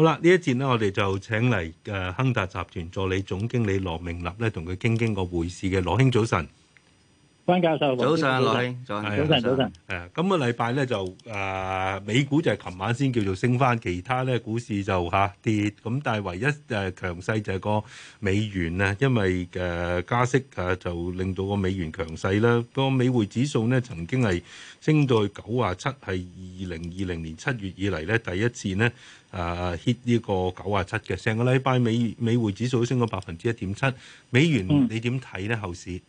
好啦，呢一節咧，我哋就請嚟亨達集團助理總經理羅明立同佢傾傾個匯市嘅。羅兄，早晨。關教授，早晨，羅早晨、呃、早晨早晨。誒，今個禮拜呢就誒、呃，美股就係琴晚先叫做升翻，其他咧股市就下跌。咁但係唯一誒強勢就係個美元啊，因為誒、呃、加息啊，就令到個美元強勢啦。個美匯指數呢曾經係升到去九啊七，係二零二零年七月以嚟咧第一次呢誒 hit 呢個九啊七嘅。成個禮拜美美匯指數升咗百分之一點七，美元、嗯、你點睇呢？後市？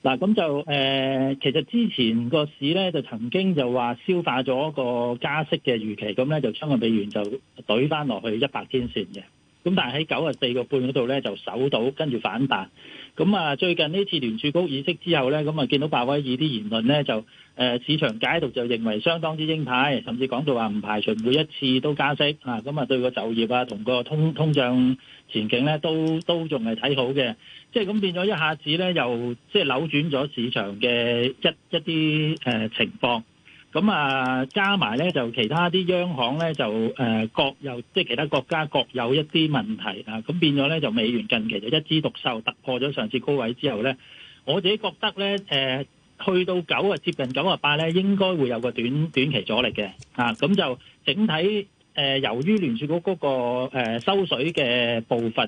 嗱，咁就誒，其實之前個市咧就曾經就話消化咗個加息嘅預期，咁咧就將個美元就懟翻落去一百天線嘅。咁但係喺九啊四個半嗰度咧就守到，跟住反彈。咁啊，最近呢次聯儲局議息之後咧，咁啊見到鮑威爾啲言論咧就誒，市場解讀就認為相當之鷹派，甚至講到話唔排除每一次都加息啊。咁啊，對個就業啊同個通通脹。前景咧都都仲係睇好嘅，即係咁變咗一下子咧，又即係扭轉咗市場嘅一一啲誒情況。咁啊加埋咧就其他啲央行咧就誒各有即係其他國家各有一啲問題啊，咁變咗咧就美元近期就一枝獨秀，突破咗上次高位之後咧，我自己覺得咧誒去到九啊接近九啊八咧應該會有個短短期阻力嘅啊，咁就整體。誒，由於聯儲局嗰個誒收水嘅步伐，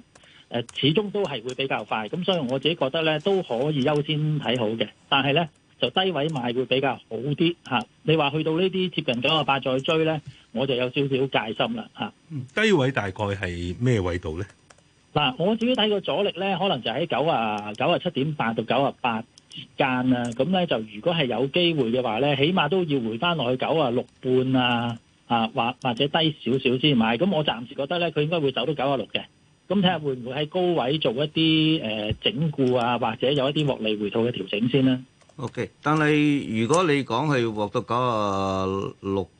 誒始終都係會比較快，咁所以我自己覺得咧都可以優先睇好嘅，但係咧就低位買會比較好啲嚇。你話去到呢啲接近九啊八再追咧，我就有少少戒心啦嚇。嗯，低位大概係咩位度咧？嗱，我自己睇個阻力咧，可能就喺九啊九啊七點八到九啊八之間啦。咁咧就如果係有機會嘅話咧，起碼都要回翻落去九啊六半啊。啊，或或者低少少先，唔係咁，我暫時覺得咧，佢應該會走到九啊六嘅。咁睇下會唔會喺高位做一啲誒整固啊，或者有一啲獲利回吐嘅調整先啦。OK，但係如果你講係獲到九啊六，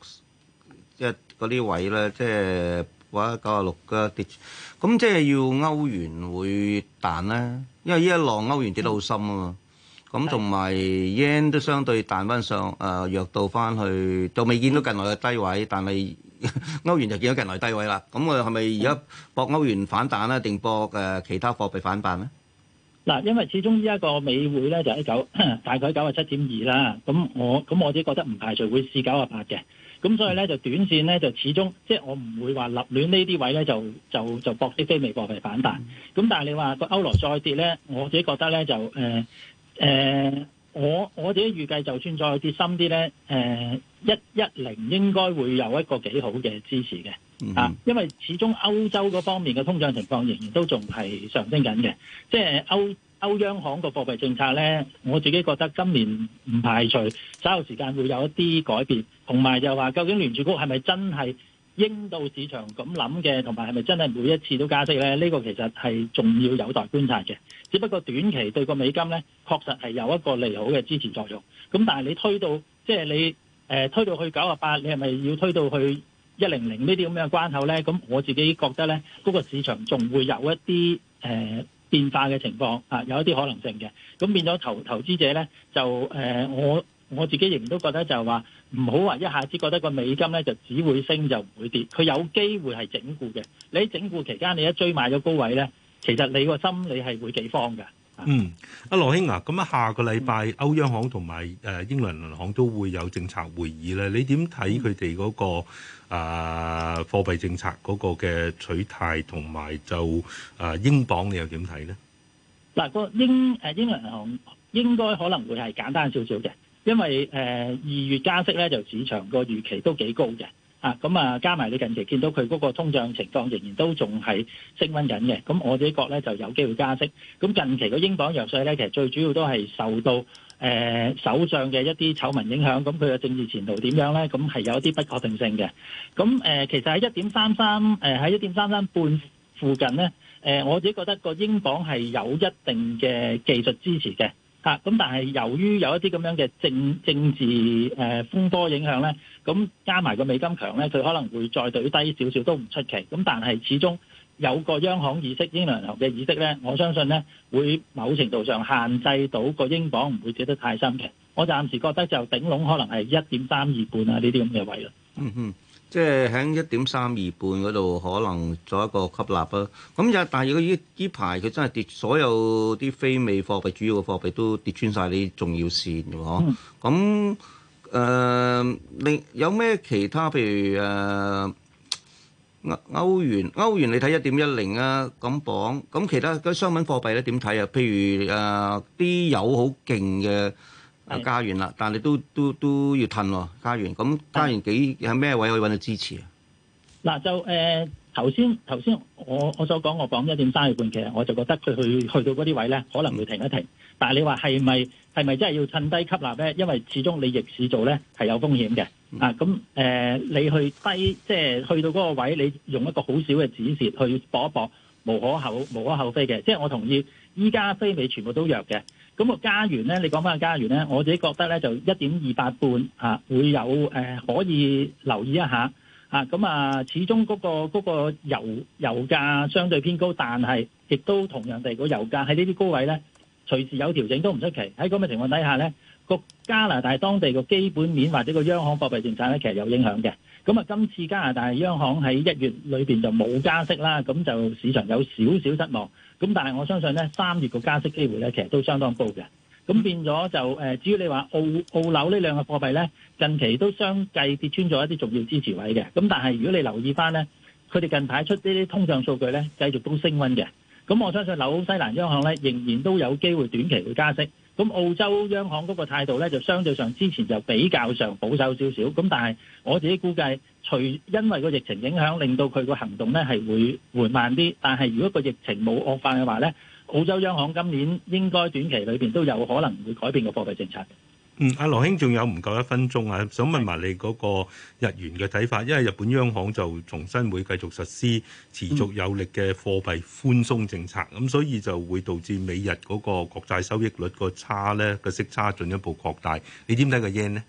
即係嗰啲位咧，即係話九啊六嘅跌，咁即係要歐元會彈咧，因為依一浪歐元跌得好深啊嘛。咁同埋 yen 都相對彈翻上，誒弱到翻去，就未見到近來嘅低位。但係歐元就見到近來低位啦。咁我哋係咪而家博歐元反彈咧，定博誒其他貨幣反彈咧？嗱，因為始終呢一個美匯咧就喺九，大概九啊七點二啦。咁我咁我自己覺得唔排除會試九啊八嘅。咁所以咧就短線咧就始終，即係我唔會話立亂呢啲位咧就就就博啲非美貨幣反彈。咁但係你話個歐羅再跌咧，我自己覺得咧就誒。誒，我、呃、我自己預計，就算再跌深啲呢，誒、呃，一一零應該會有一個幾好嘅支持嘅，啊，因為始終歐洲嗰方面嘅通脹情況仍然都仲係上升緊嘅，即係歐歐央行個貨幣政策呢，我自己覺得今年唔排除稍後時間會有一啲改變，同埋就話究竟聯儲局係咪真係應到市場咁諗嘅，同埋係咪真係每一次都加息呢？呢、呢個其實係仲要有待觀察嘅。只不過短期對個美金咧，確實係有一個利好嘅支持作用。咁但係你推到即係、就是、你誒、呃、推到去九啊八，你係咪要推到去一零零呢啲咁樣嘅關口咧？咁我自己覺得咧，嗰、那個市場仲會有一啲誒、呃、變化嘅情況啊、呃，有一啲可能性嘅。咁變咗投投資者咧，就誒、呃、我我自己仍然都覺得就係話唔好話一下子覺得個美金咧就只會升就唔會跌，佢有機會係整固嘅。你喺整固期間，你一追買咗高位咧。其實你個心理係會幾慌㗎。嗯，阿、啊、羅兄啊，咁啊下個禮拜、嗯、歐央行同埋誒英倫銀行都會有政策會議咧，你點睇佢哋嗰個啊貨幣政策嗰個嘅取態，同埋就啊英鎊你又點睇呢？嗱，個英誒英倫銀行應該可能會係簡單少少嘅，因為誒二、呃、月加息咧就市場個預期都幾高嘅。啊，咁啊，加埋你近期見到佢嗰個通脹情況，仍然都仲係升溫緊嘅，咁我自己覺咧就有機會加息。咁近期個英鎊弱勢咧，其實最主要都係受到誒首相嘅一啲醜聞影響，咁佢嘅政治前途點樣咧？咁係有一啲不確定性嘅。咁誒、呃，其實喺一點三三誒喺一點三三半附近咧，誒、呃、我自己覺得個英鎊係有一定嘅技術支持嘅。啊！咁但係由於有一啲咁樣嘅政政治誒、呃、風波影響咧，咁加埋個美金強咧，佢可能會再對低少少都唔出奇。咁但係始終有個央行意識、英聯行嘅意識咧，我相信咧會某程度上限制到個英鎊唔會跌得太深嘅。我暫時覺得就頂籠可能係一點三二半啊呢啲咁嘅位啦。嗯嗯。即係喺一點三二半嗰度，可能做一個吸納啦。咁又但係佢依呢排佢真係跌，所有啲非美貨幣主要嘅貨幣都跌穿晒啲重要線嘅喎。咁誒、嗯呃，你有咩其他譬如誒歐、呃、歐元？歐元你睇一點一零啊，咁磅。咁其他商品貨幣咧點睇啊？譬如誒啲有好勁嘅。呃加完啦，但係你都都都要褪喎，加完咁加完幾喺咩位可以揾到支持啊？嗱，就誒頭先頭先我我所講，我講一點三二半嘅，其實我就覺得佢去去到嗰啲位咧，可能會停一停。嗯、但係你話係咪係咪真係要趁低吸納咧？因為始終你逆市做咧係有風險嘅。嗯、啊，咁誒、呃、你去低即係、就是、去到嗰個位，你用一個好少嘅止蝕去搏一搏，無可厚無可厚非嘅。即、就、係、是、我同意，依家非美全部都弱嘅。咁個加元咧，你講翻個加元咧，我自己覺得咧就一點二八半嚇、啊，會有誒、呃、可以留意一下嚇。咁啊，啊，始終嗰、那個那個油油價相對偏高，但係亦都同樣地個油價喺呢啲高位咧，隨時有調整都唔出奇。喺咁嘅情況底下咧，個加拿大當地個基本面或者個央行貨幣政策咧，其實有影響嘅。咁啊，今次加拿大央行喺一月裏邊就冇加息啦，咁就市場有少少失望。咁但係我相信咧，三月個加息機會咧，其實都相當高嘅。咁變咗就誒、呃，至於你話澳澳紐呢兩個貨幣咧，近期都相繼跌穿咗一啲重要支持位嘅。咁但係如果你留意翻咧，佢哋近排出呢啲通脹數據咧，繼續都升溫嘅。咁我相信紐西蘭央行咧，仍然都有機會短期會加息。咁澳洲央行嗰個態度咧，就相對上之前就比較上保守少少。咁但係我自己估計，除因為個疫情影響令到佢個行動咧，係會緩慢啲。但係如果個疫情冇惡化嘅話咧，澳洲央行今年應該短期裏邊都有可能會改變個貨幣政策。嗯，阿羅兄仲有唔夠一分鐘啊，想問埋你嗰個日元嘅睇法，因為日本央行就重新會繼續實施持續有力嘅貨幣寬鬆政策，咁所以就會導致美日嗰個國債收益率個差呢，個息差進一步擴大，你點睇個 yen 呢？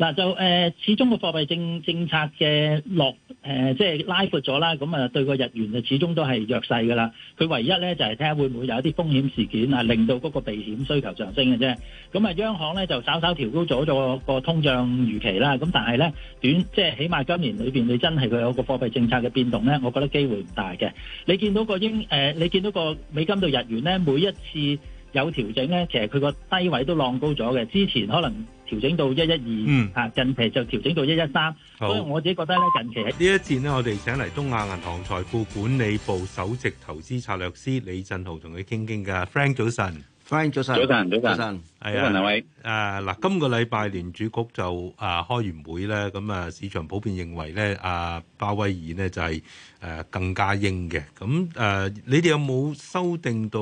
嗱就誒，始終個貨幣政政策嘅落誒，即係拉闊咗啦，咁啊對個日元就始終都係弱勢㗎啦。佢唯一咧就係睇下會唔會有一啲風險事件啊，令到嗰個避險需求上升嘅啫。咁啊，央行咧就稍稍調高咗咗個通脹預期啦。咁但係咧短即係起碼今年裏邊，你真係佢有個貨幣政策嘅變動咧，我覺得機會唔大嘅。你見到個英誒，你見到個美金到日元咧，每一次有調整咧，其實佢個低位都浪高咗嘅。之前可能。調整到一一二，嚇近期就調整到一一三，所以我自己覺得咧，近期喺呢一戰咧，我哋請嚟東亞銀行財富管理部首席投資策略師李振豪同你傾傾㗎。Frank 早晨。歡迎早晨，早晨，早晨，係啊，兩位。誒，嗱，今個禮拜聯儲局就誒開完會咧，咁啊，市場普遍認為咧，阿鮑威爾呢就係誒更加鷹嘅，咁誒，你哋有冇修訂到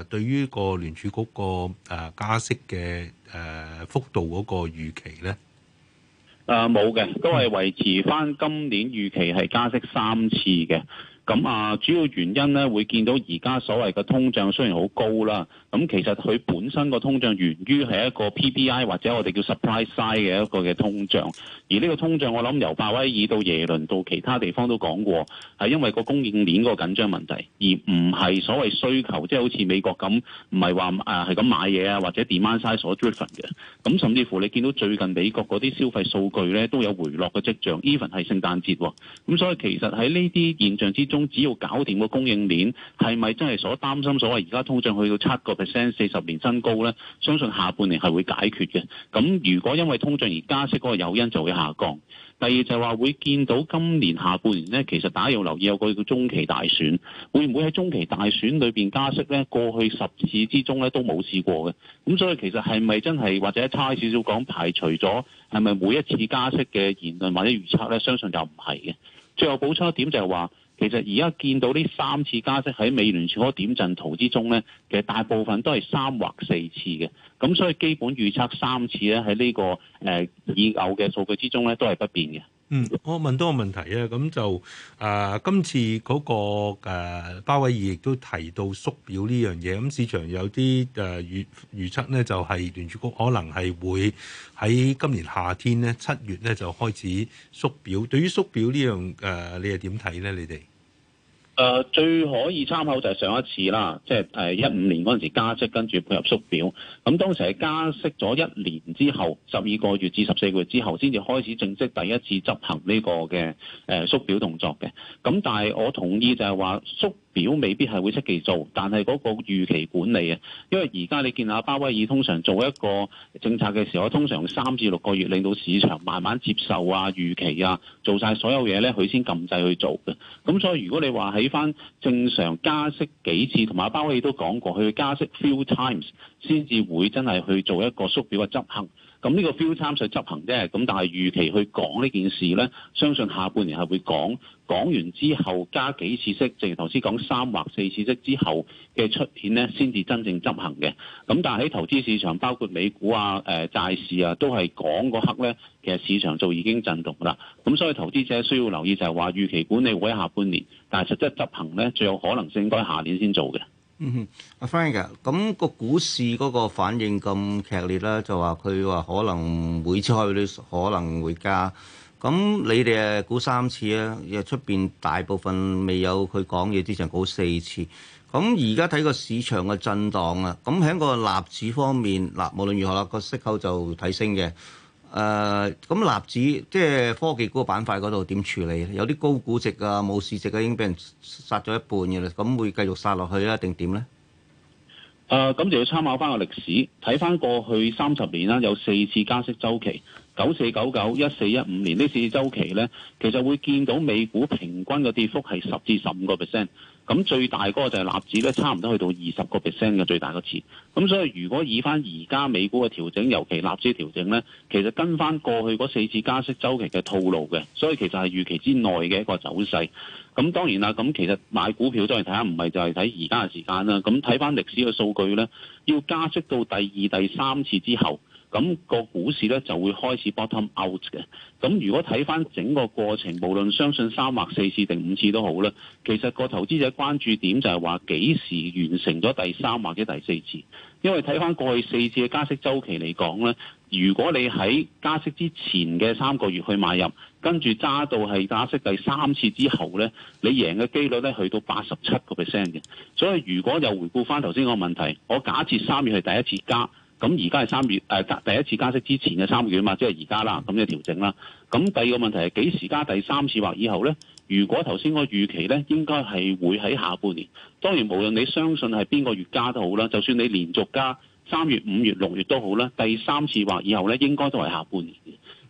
誒對於個聯儲局個誒加息嘅誒幅度嗰個預期咧？誒，冇嘅，都係維持翻今年預期係加息三次嘅，咁啊，主要原因咧會見到而家所謂嘅通脹雖然好高啦。咁其實佢本身個通脹源於係一個 PPI 或者我哋叫 supply side 嘅一個嘅通脹，而呢個通脹我諗由巴威爾到耶倫到其他地方都講過，係因為個供應鏈個緊張問題，而唔係所謂需求，即係好似美國咁唔係話誒係咁買嘢啊或者 demand side 所 driven 嘅。咁甚至乎你見到最近美國啲消費數據咧都有回落嘅跡象，even 係聖誕節，喎。咁所以其實喺呢啲現象之中，只要搞掂個供應鏈係咪真係所擔心所謂而家通脹去到七個。percent 四十年新高咧，相信下半年係會解決嘅。咁如果因為通脹而加息嗰個誘因就會下降。第二就係話會見到今年下半年咧，其實大家要留意有個叫中期大選，會唔會喺中期大選裏邊加息咧？過去十次之中咧都冇試過嘅。咁所以其實係咪真係或者差少少講排除咗？係咪每一次加息嘅言論或者預測咧，相信就唔係嘅。最後補充一點就係話。其實而家見到呢三次加息喺美聯儲點陣圖之中呢，其實大部分都係三或四次嘅。咁所以基本預測三次咧，喺呢、呢個誒已有嘅數據之中咧都係不變嘅。嗯，我問多個問題啊，咁就啊、呃，今次嗰、嗰個誒鮑、呃、威爾亦都提到縮表呢樣嘢，咁市場有啲誒預預測咧，就係聯儲局可能係會喺今年夏天咧，七月咧就開始縮表。對於縮表呢樣誒，你係點睇咧？你哋？誒、呃、最可以參考就係上一次啦，即係誒一五年嗰陣時加息跟住配合縮表，咁、嗯、當時係加息咗一年之後十二個月至十四個月之後，先至開始正式第一次執行呢個嘅誒、呃、縮表動作嘅。咁、嗯、但係我同意就係話縮表未必係會即時做，但係嗰個預期管理啊，因為而家你見阿鮑威爾通常做一個政策嘅時候，通常三至六個月令到市場慢慢接受啊，預期啊，做晒所有嘢呢，佢先撳掣去做嘅。咁所以如果你話喺返正常加息幾次，同埋阿鮑威爾都講過，佢加息 few times 先至會真係去做一個縮表嘅執行。咁呢個 feel 參上執行啫，咁但係預期去講呢件事呢，相信下半年係會講，講完之後加幾次息，正如頭先講三或四次息之後嘅出現呢，先至真正執行嘅。咁但係喺投資市場，包括美股啊、誒、呃、債市啊，都係講嗰刻呢，其實市場就已經震動啦。咁所以投資者需要留意就係話，預期管理會喺下半年，但係實質執行呢，最有可能性應該下年先做嘅。嗯哼，阿、mm hmm. Frank 咁、啊，個股市嗰個反應咁劇烈啦，就話佢話可能會再可能會加，咁你哋誒估三次啊，又出邊大部分未有佢講嘢之前估四次，咁而家睇個市場嘅震盪啊，咁喺個納指方面，嗱、啊、無論如何啦，個息口就提升嘅。誒咁納指即係科技嗰個板塊嗰度點處理咧？有啲高估值啊、冇市值啊，已經俾人殺咗一半嘅啦，咁會繼續殺落去咧、啊，定點咧？誒、呃，咁就要參考翻個歷史，睇翻過去三十年啦，有四次加息週期，九四、九九、一四、一五年呢四次週期咧，其實會見到美股平均嘅跌幅係十至十五個 percent。咁最大嗰個就係納指咧，差唔多去到二十個 percent 嘅最大個次。咁所以如果以翻而家美股嘅調整，尤其納指調整咧，其實跟翻過去嗰四次加息周期嘅套路嘅，所以其實係預期之內嘅一個走勢。咁當然啦，咁其實買股票當然睇下，唔係就係睇而家嘅時間啦。咁睇翻歷史嘅數據咧，要加息到第二、第三次之後。咁個股市咧就會開始 bottom out 嘅。咁如果睇翻整個過程，無論相信三或四次定五次都好啦，其實個投資者關注點就係話幾時完成咗第三或者第四次。因為睇翻過去四次嘅加息週期嚟講咧，如果你喺加息之前嘅三個月去買入，跟住揸到係加息第三次之後咧，你贏嘅機率咧去到八十七個 percent 嘅。所以如果又回顧翻頭先個問題，我假設三月係第一次加。咁而家係三月，誒、呃、第一次加息之前嘅三月嘛，即係而家啦，咁即係調整啦。咁、嗯、第二個問題係幾時加第三次或以後呢，如果頭先個預期呢應該係會喺下半年。當然，無論你相信係邊個月加都好啦，就算你連續加三月、五月、六月都好啦，第三次或以後呢應該都係下半年。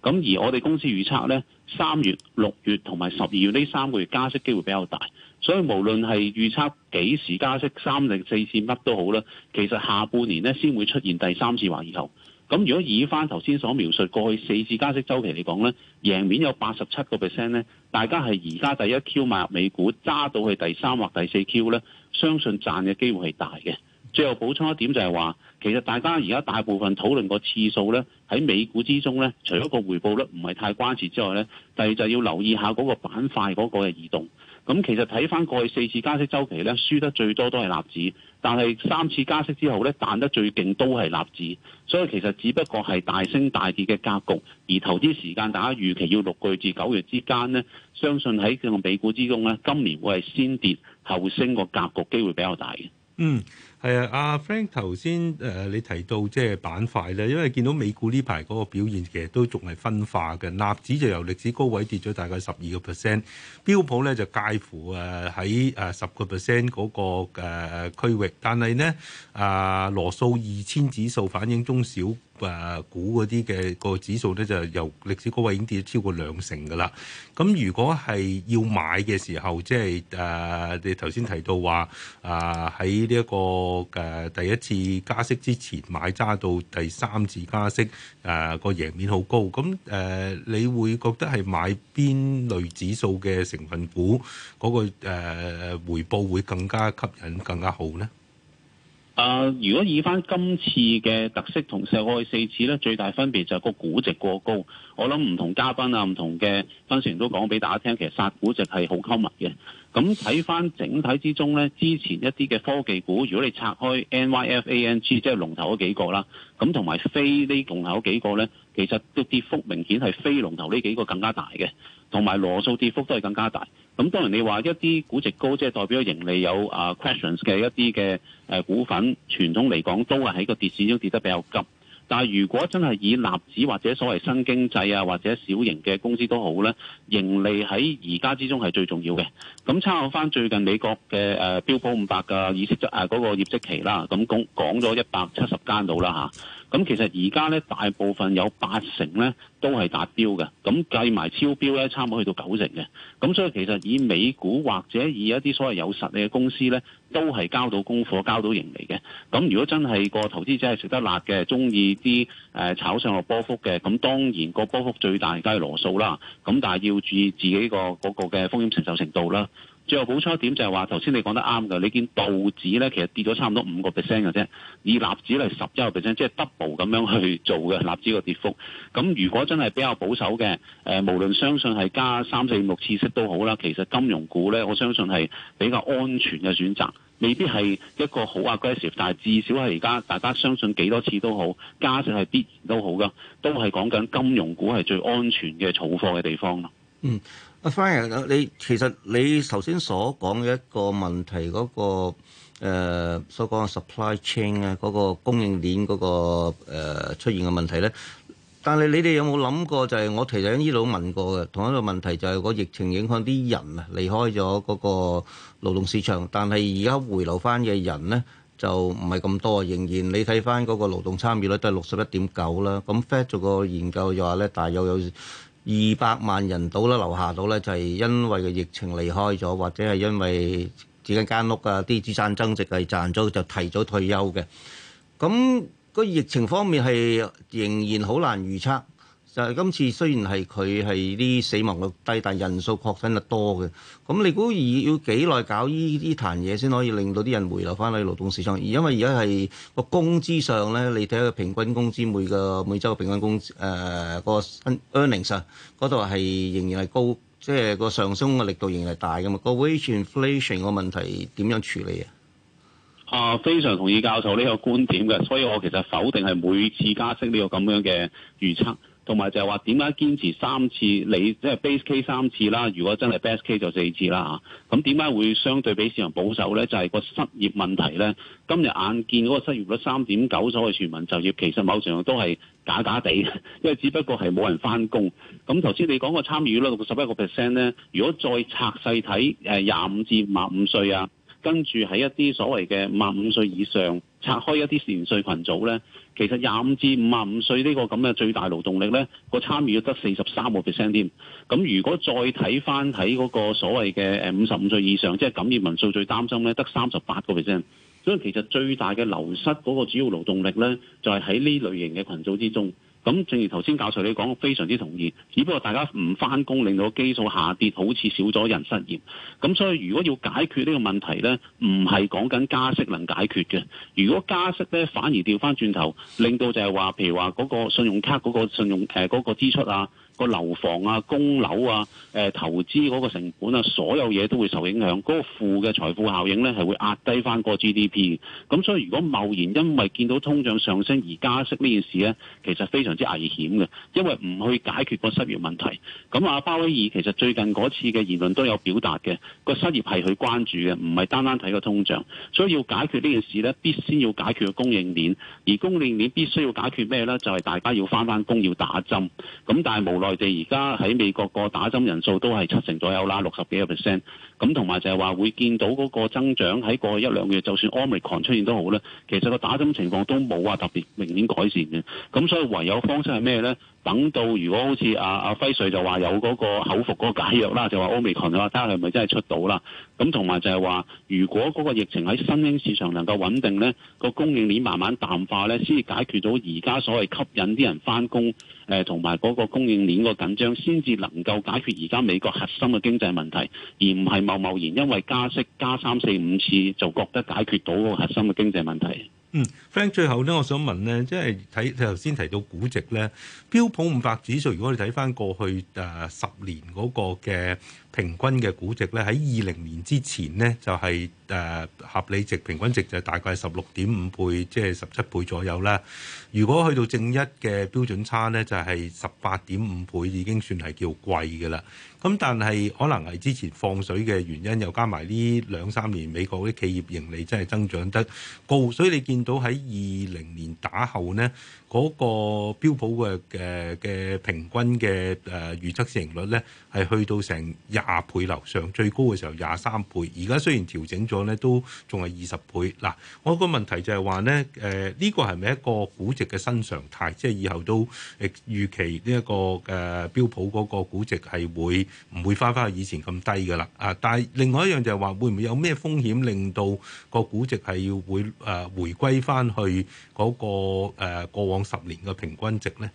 咁、嗯、而我哋公司預測呢，三月、六月同埋十二月呢三個月加息機會比較大。所以無論係預測幾時加息三定四次乜都好啦，其實下半年咧先會出現第三次或以後。咁如果以翻頭先所描述過去四次加息周期嚟講咧，贏面有八十七個 percent 咧，大家係而家第一 Q 買入美股揸到去第三或第四 Q 咧，相信賺嘅機會係大嘅。最後補充一點就係話，其實大家而家大部分討論個次數咧喺美股之中咧，除咗個回報率唔係太關切之外咧，第二就係要留意下嗰個板塊嗰個嘅移動。咁其實睇翻過去四次加息週期咧，輸得最多都係納指，但係三次加息之後咧，彈得最勁都係納指，所以其實只不過係大升大跌嘅格局。而投資時間大家預期要六個月至九月之間咧，相信喺個美股之中咧，今年會係先跌後升個格局機會比較大嘅。嗯。係啊，阿 Frank 頭先誒你提到即係板塊咧，因為見到美股呢排嗰個表現其實都仲係分化嘅，納指就由歷史高位跌咗大概十二個 percent，標普咧就介乎誒喺誒十個 percent 嗰個誒區域，但係呢，啊羅素二千指數反映中小誒股嗰啲嘅個指數咧就由歷史高位已經跌超過兩成㗎啦。咁如果係要買嘅時候，即係誒你頭先提到話啊喺呢一個。誒第一次加息之前買揸到第三次加息誒個贏面好高，咁誒、啊、你會覺得係買邊類指數嘅成分股嗰、那個誒、啊、回報會更加吸引更加好呢？啊，如果以翻今次嘅特色同上開四次咧，最大分別就係個估值過高。我諗唔同嘉賓啊唔同嘅分析師都講俾大家聽，其實殺估值係好購物嘅。咁睇翻整體之中呢，之前一啲嘅科技股，如果你拆開 NYFANG，即係龍頭嗰幾個啦，咁同埋非呢龍頭嗰幾個咧，其實都跌幅明顯係非龍頭呢幾個更加大嘅，同埋羅素跌幅都係更加大。咁、嗯、當然你話一啲估值高，即係代表盈利有啊、uh, questions 嘅一啲嘅誒股份，傳統嚟講都係喺個跌市中跌得比較急。但係如果真係以納指或者所謂新經濟啊，或者小型嘅公司都好呢，盈利喺而家之中係最重要嘅。咁參考翻最近美國嘅誒、呃、標普五百嘅業績啊嗰、那個業績期啦，咁、嗯、講講咗一百七十間到啦嚇。啊咁其實而家咧，大部分有八成咧都係達標嘅，咁計埋超標咧，差唔多去到九成嘅。咁所以其實以美股或者以一啲所謂有實力嘅公司咧，都係交到功課、交到盈利嘅。咁如果真係個投資者係食得辣嘅，鍾意啲誒炒上落波幅嘅，咁當然個波幅最大梗係羅素啦。咁但係要注意自己個嗰個嘅風險承受程度啦。最後補充一點就係話，頭先你講得啱嘅，你見道指咧其實跌咗差唔多五個 percent 嘅啫，而納指咧十一個、就、percent，是、即係 double 咁樣去做嘅納指個跌幅。咁如果真係比較保守嘅，誒、呃、無論相信係加三四五六次息都好啦，其實金融股咧，我相信係比較安全嘅選擇，未必係一個好 aggressive，但係至少係而家大家相信幾多次都好，加息係必然都好噶，都係講緊金融股係最安全嘅儲貨嘅地方咯。嗯。阿 Frank 你其實你頭先所講嘅一個問題，嗰、那個、呃、所講嘅 supply chain 咧，嗰個供應鏈嗰、那個、呃、出現嘅問題咧，但係你哋有冇諗過、就係？就係我其實喺呢度問過嘅同一個問題，就係個疫情影響啲人啊離開咗嗰個勞動市場，但係而家回流翻嘅人咧就唔係咁多，仍然你睇翻嗰個勞動參與率都係六十一點九啦。咁 Fed 做個研究就話咧，大約有。二百萬人到啦，留下到咧就係、是、因為個疫情離開咗，或者係因為自己間屋啊啲資產增值係賺咗，就提早退休嘅。咁、那個疫情方面係仍然好難預測。就係今次雖然係佢係啲死亡率低，但係人數確診就多嘅。咁你估要要幾耐搞呢啲壇嘢先可以令到啲人回流翻去勞動市場？而因為而家係個工資上咧，你睇下個平均工資，每個每週嘅平均工資誒、呃嗰個 earnings 啊，嗰度係仍然係高，即係個上升嘅力度仍然係大㗎嘛。個 wage inflation 個問題點樣處理啊？啊，非常同意教授呢個觀點嘅，所以我其實否定係每次加息呢個咁樣嘅預測。同埋就係話點解堅持三次你即係 base case 三次啦，如果真係 base case 就四次啦嚇。咁點解會相對比市場保守咧？就係個失業問題咧。今日眼見嗰個失業率三點九，所謂全民就業其實某程度都係假假地，因為只不過係冇人翻工。咁頭先你講個參與率六十一個 percent 咧，如果再拆細睇，誒廿五至五十五歲啊？跟住喺一啲所謂嘅五十五歲以上拆開一啲年歲群組呢，其實廿五至五十五歲呢個咁嘅最大勞動力咧，個參與率得四十三個 percent 添。咁如果再睇翻睇嗰個所謂嘅誒五十五歲以上，即係感染人數最擔心呢，得三十八個 percent。所以其實最大嘅流失嗰個主要勞動力呢，就係喺呢類型嘅群組之中。咁正如頭先教授你講，非常之同意。只不過大家唔返工，令到基數下跌，好似少咗人失業。咁、嗯、所以如果要解決呢個問題呢，唔係講緊加息能解決嘅。如果加息呢，反而調翻轉頭，令到就係話，譬如話嗰個信用卡嗰個信用誒嗰、呃嗰個支出啊。個樓房啊、供樓啊、誒、呃、投資嗰個成本啊，所有嘢都會受影響。嗰、那個負嘅財富效應咧，係會壓低翻個 GDP 嘅。咁所以如果貿然因為見到通脹上升而加息呢件事咧，其實非常之危險嘅，因為唔去解決個失業問題。咁阿鮑威爾其實最近嗰次嘅言論都有表達嘅，個失業係佢關注嘅，唔係單單睇個通脹。所以要解決呢件事咧，必先要解決個供應鏈，而供應鏈必須要解決咩咧？就係、是、大家要翻翻工，要打針。咁但係無論內地而家喺美國個打針人數都係七成左右啦，六十幾個 percent。咁同埋就係話會見到嗰個增長喺過去一兩個月，就算 Omicron 出現都好啦，其實個打針情況都冇話特別明顯改善嘅。咁所以唯有方式係咩呢？等到如果好似阿阿輝瑞就話有嗰個口服嗰個解藥啦，就話 Omicron 就話睇下係咪真係出到啦。咁同埋就係話，如果嗰個疫情喺新興市場能夠穩定呢，個供應鏈慢慢淡化呢，先至解決到而家所謂吸引啲人翻工，同埋嗰個供應鏈個緊張，先至能夠解決而家美國核心嘅經濟問題，而唔係。貿貿然，因為加息加三四五次就覺得解決到個核心嘅經濟問題。嗯，Frank 最後咧，我想問咧，即係睇你頭先提到估值咧，標普五百指數，如果你睇翻過去誒十、呃、年嗰個嘅。平均嘅估值咧喺二零年之前呢，就係誒合理值平均值就大概係十六點五倍，即係十七倍左右啦。如果去到正一嘅標準差呢，就係十八點五倍，已經算係叫貴㗎啦。咁但係可能係之前放水嘅原因，又加埋呢兩三年美國嗰啲企業盈利真係增長得高，所以你見到喺二零年打後呢。嗰個標普嘅嘅嘅平均嘅誒預測市盈率咧，係去到成廿倍樓上，最高嘅時候廿三倍。而家雖然調整咗咧，都仲係二十倍。嗱，我個問題就係話咧，誒呢個係咪一個估值嘅新常態，即係以後都誒預期呢、這、一個誒、呃、標普嗰個估值係會唔會翻翻去以前咁低噶啦？啊！但係另外一樣就係話會唔會有咩風險令到個估值係要會誒、呃、回歸翻去嗰、嗰個誒、呃、過往？十年嘅平均值咧，誒、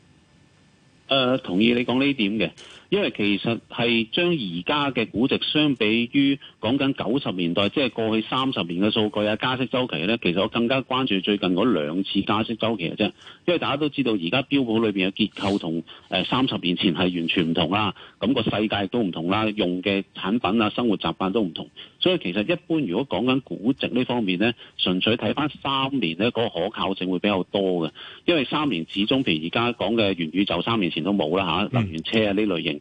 呃，同意你講呢點嘅。因為其實係將而家嘅估值相比於講緊九十年代，即係過去三十年嘅數據啊，加息周期咧，其實我更加關注最近嗰兩次加息周期嘅啫。因為大家都知道而家標普裏邊嘅結構同誒三十年前係完全唔同啦，咁、嗯、個世界都唔同啦，用嘅產品啊，生活習慣都唔同，所以其實一般如果講緊估值呢方面咧，純粹睇返三年咧嗰、嗰個可靠性會比較多嘅，因為三年始終譬如而家講嘅元宇宙三年前都冇啦嚇，能、啊、源車啊呢類型。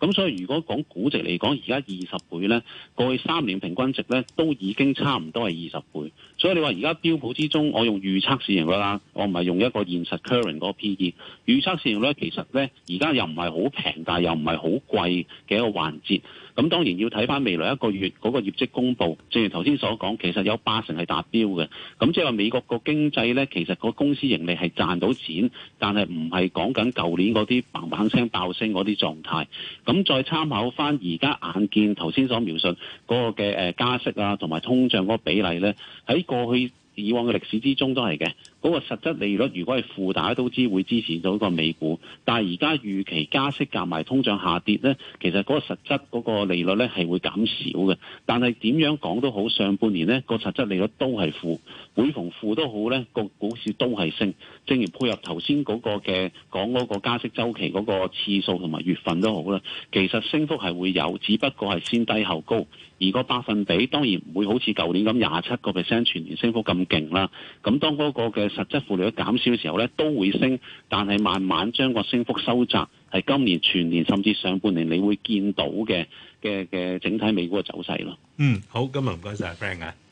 咁所以如果講估值嚟講，而家二十倍呢，過去三年平均值呢，都已經差唔多係二十倍。所以你話而家標普之中，我用預測市盈率啦，我唔係用一個現實 current 嗰個 P/E。預測市盈率其實呢，而家又唔係好平，但係又唔係好貴嘅一個環節。咁當然要睇翻未來一個月嗰個業績公布。正如頭先所講，其實有八成係達標嘅。咁即係話美國個經濟呢，其實嗰公司盈利係賺到錢，但係唔係講緊舊年嗰啲棒棒聲爆升嗰啲狀態。咁再參考翻而家眼見頭先所描述嗰個嘅誒加息啊，同埋通脹嗰個比例咧，喺過去以往嘅歷史之中都係嘅。嗰個實質利率如果係負，大家都知會支持到個美股。但係而家預期加息夾埋通脹下跌呢，其實嗰個實質嗰個利率呢係會減少嘅。但係點樣講都好，上半年呢、嗰個實質利率都係負，每逢負都好呢，個股市都係升。正如配合頭先嗰個嘅講嗰個加息周期嗰個次數同埋月份都好啦，其實升幅係會有，只不過係先低後高。而個百分比當然唔會好似舊年咁廿七個 percent 全年升幅咁勁啦。咁當嗰個嘅實質負利率減少嘅時候咧，都會升，但係慢慢將個升幅收窄，係今年全年甚至上半年，你會見到嘅嘅嘅整體美股嘅走勢咯。嗯，好，今日唔該曬，Frank 啊！Frank